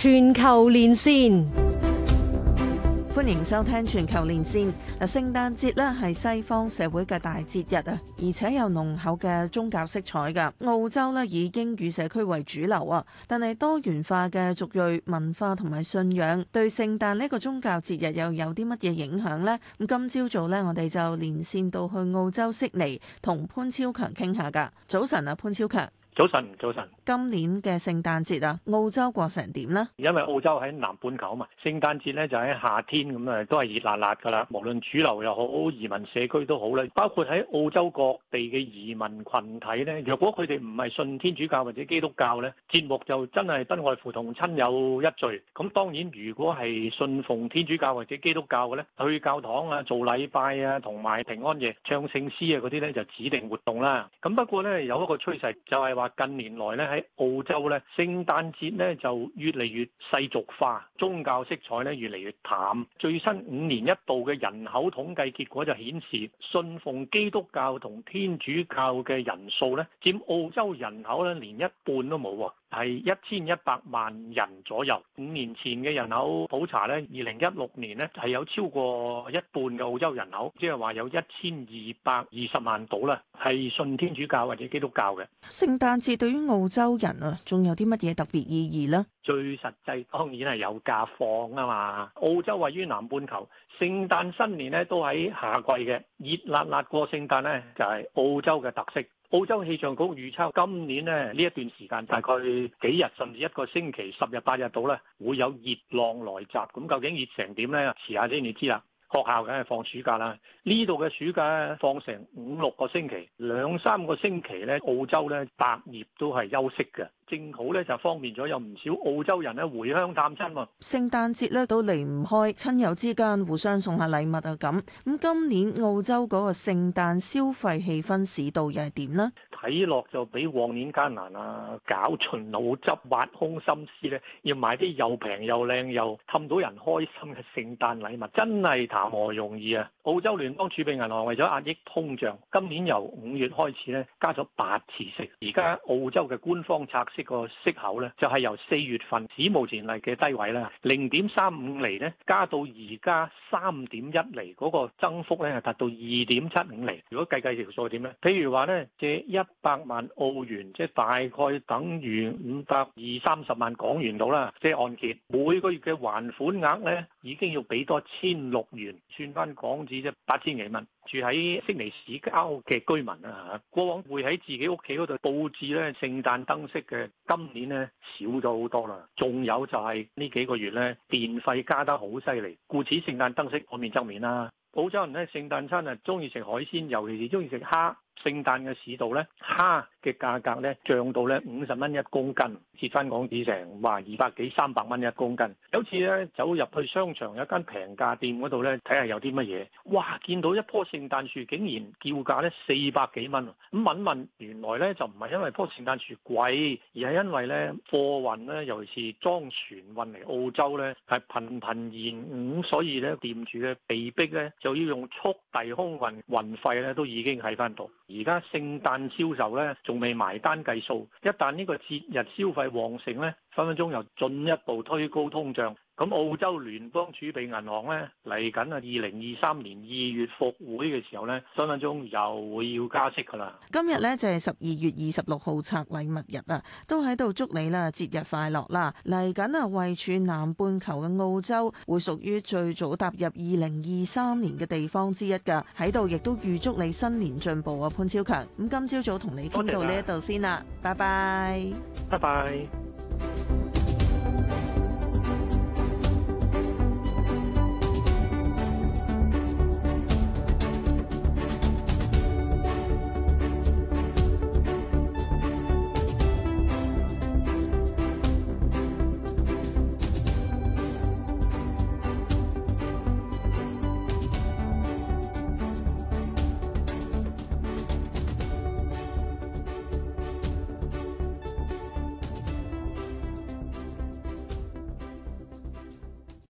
全球連線，歡迎收聽全球連線。嗱，聖誕節咧係西方社會嘅大節日啊，而且有濃厚嘅宗教色彩噶。澳洲咧已經以社區為主流啊，但係多元化嘅族裔文化同埋信仰，對聖誕呢一個宗教節日又有啲乜嘢影響呢？咁今朝早咧，我哋就連線到去澳洲悉尼同潘昭強傾下噶。早晨啊，潘昭強。早晨，早晨。今年嘅聖誕節啊，澳洲過成點呢？因為澳洲喺南半球啊嘛，聖誕節咧就喺夏天咁啊，都係熱辣辣㗎啦。無論主流又好，移民社區都好咧，包括喺澳洲各地嘅移民群體咧，若果佢哋唔係信天主教或者基督教咧，節目就真係不外乎同親友一聚。咁當然，如果係信奉天主教或者基督教嘅咧，去教堂啊做禮拜啊，同埋平安夜唱聖詩啊嗰啲咧就指定活動啦。咁不過咧，有一個趨勢就係話。近年來咧喺澳洲咧，聖誕節咧就越嚟越世俗化，宗教色彩咧越嚟越淡。最新五年一度嘅人口統計結果就顯示，信奉基督教同天主教嘅人數咧，佔澳洲人口咧連一半都冇。係一千一百萬人左右。五年前嘅人口普查呢，二零一六年呢，係有超過一半嘅澳洲人口，即係話有一千二百二十萬到啦，係信天主教或者基督教嘅。聖誕節對於澳洲人啊，仲有啲乜嘢特別意義呢？最實際當然係有假放啊嘛。澳洲位於南半球，聖誕新年呢都喺夏季嘅。熱辣辣過聖誕呢，就係澳洲嘅特色。澳洲氣象局預測今年呢，呢一段時間大概幾日，甚至一個星期，十日八日到咧，會有熱浪來襲，咁究竟熱成點咧？遲下先你知啦。學校梗係放暑假啦，呢度嘅暑假放成五六個星期，兩三個星期咧，澳洲咧百業都係休息嘅，正好咧就方便咗有唔少澳洲人咧回鄉探親喎。聖誕節咧都離唔開親友之間互相送下禮物啊咁，咁今年澳洲嗰個聖誕消費氣氛市道又係點呢？睇落就比往年艱難啊！絞盡腦汁、挖空心思咧，要買啲又平又靚又氹到人開心嘅聖誕禮物，真係談何容易啊！澳洲聯邦儲備銀行為咗壓抑通脹，今年由五月開始咧，加咗八次息。而家澳洲嘅官方拆息個息口咧，就係由四月份史無前例嘅低位啦，零點三五厘咧，加到而家三點一厘嗰個增幅咧，係達到二點七五厘。如果計計條數點咧，譬如話咧，借一。百萬澳元，即係大概等於五百二三十萬港元到啦。即係按揭每個月嘅還款額呢，已經要俾多千六元，算翻港紙即八千幾蚊。住喺悉尼市郊嘅居民啊，嚇，過往會喺自己屋企嗰度佈置呢聖誕燈飾嘅，今年呢少咗好多啦。仲有就係呢幾個月呢，電費加得好犀利，故此聖誕燈飾可免則免啦。澳洲人呢，聖誕餐啊，中意食海鮮，尤其是中意食蝦。聖誕嘅市道咧，蝦嘅價格咧漲到咧五十蚊一公斤，折翻港紙成話二百幾三百蚊一公斤。有次咧走入去商場有間平價店嗰度咧，睇下有啲乜嘢，哇！見到一棵聖誕樹竟然叫價咧四百幾蚊，咁問問原來咧就唔係因為棵聖誕樹貴，而係因為咧貨運咧，尤其是裝船運嚟澳洲咧係頻頻延誤，所以咧店主嘅被逼咧就要用速遞空運，運費咧都已經喺翻度。而家聖誕銷售咧，仲未埋單計數，一旦呢個節日消費旺盛咧，分分鐘又進一步推高通脹。咁澳洲聯邦儲備銀行咧嚟緊啊，二零二三年二月復會嘅時候咧，分分鐘又會要加息噶啦。今呢、就是、日咧就係十二月二十六號拆禮物日啊，都喺度祝你啦，節日快樂啦！嚟緊啊，位處南半球嘅澳洲會屬於最早踏入二零二三年嘅地方之一㗎，喺度亦都預祝你新年進步啊，潘昭強。咁今朝早同你傾到呢一度先啦，謝謝拜拜，拜拜。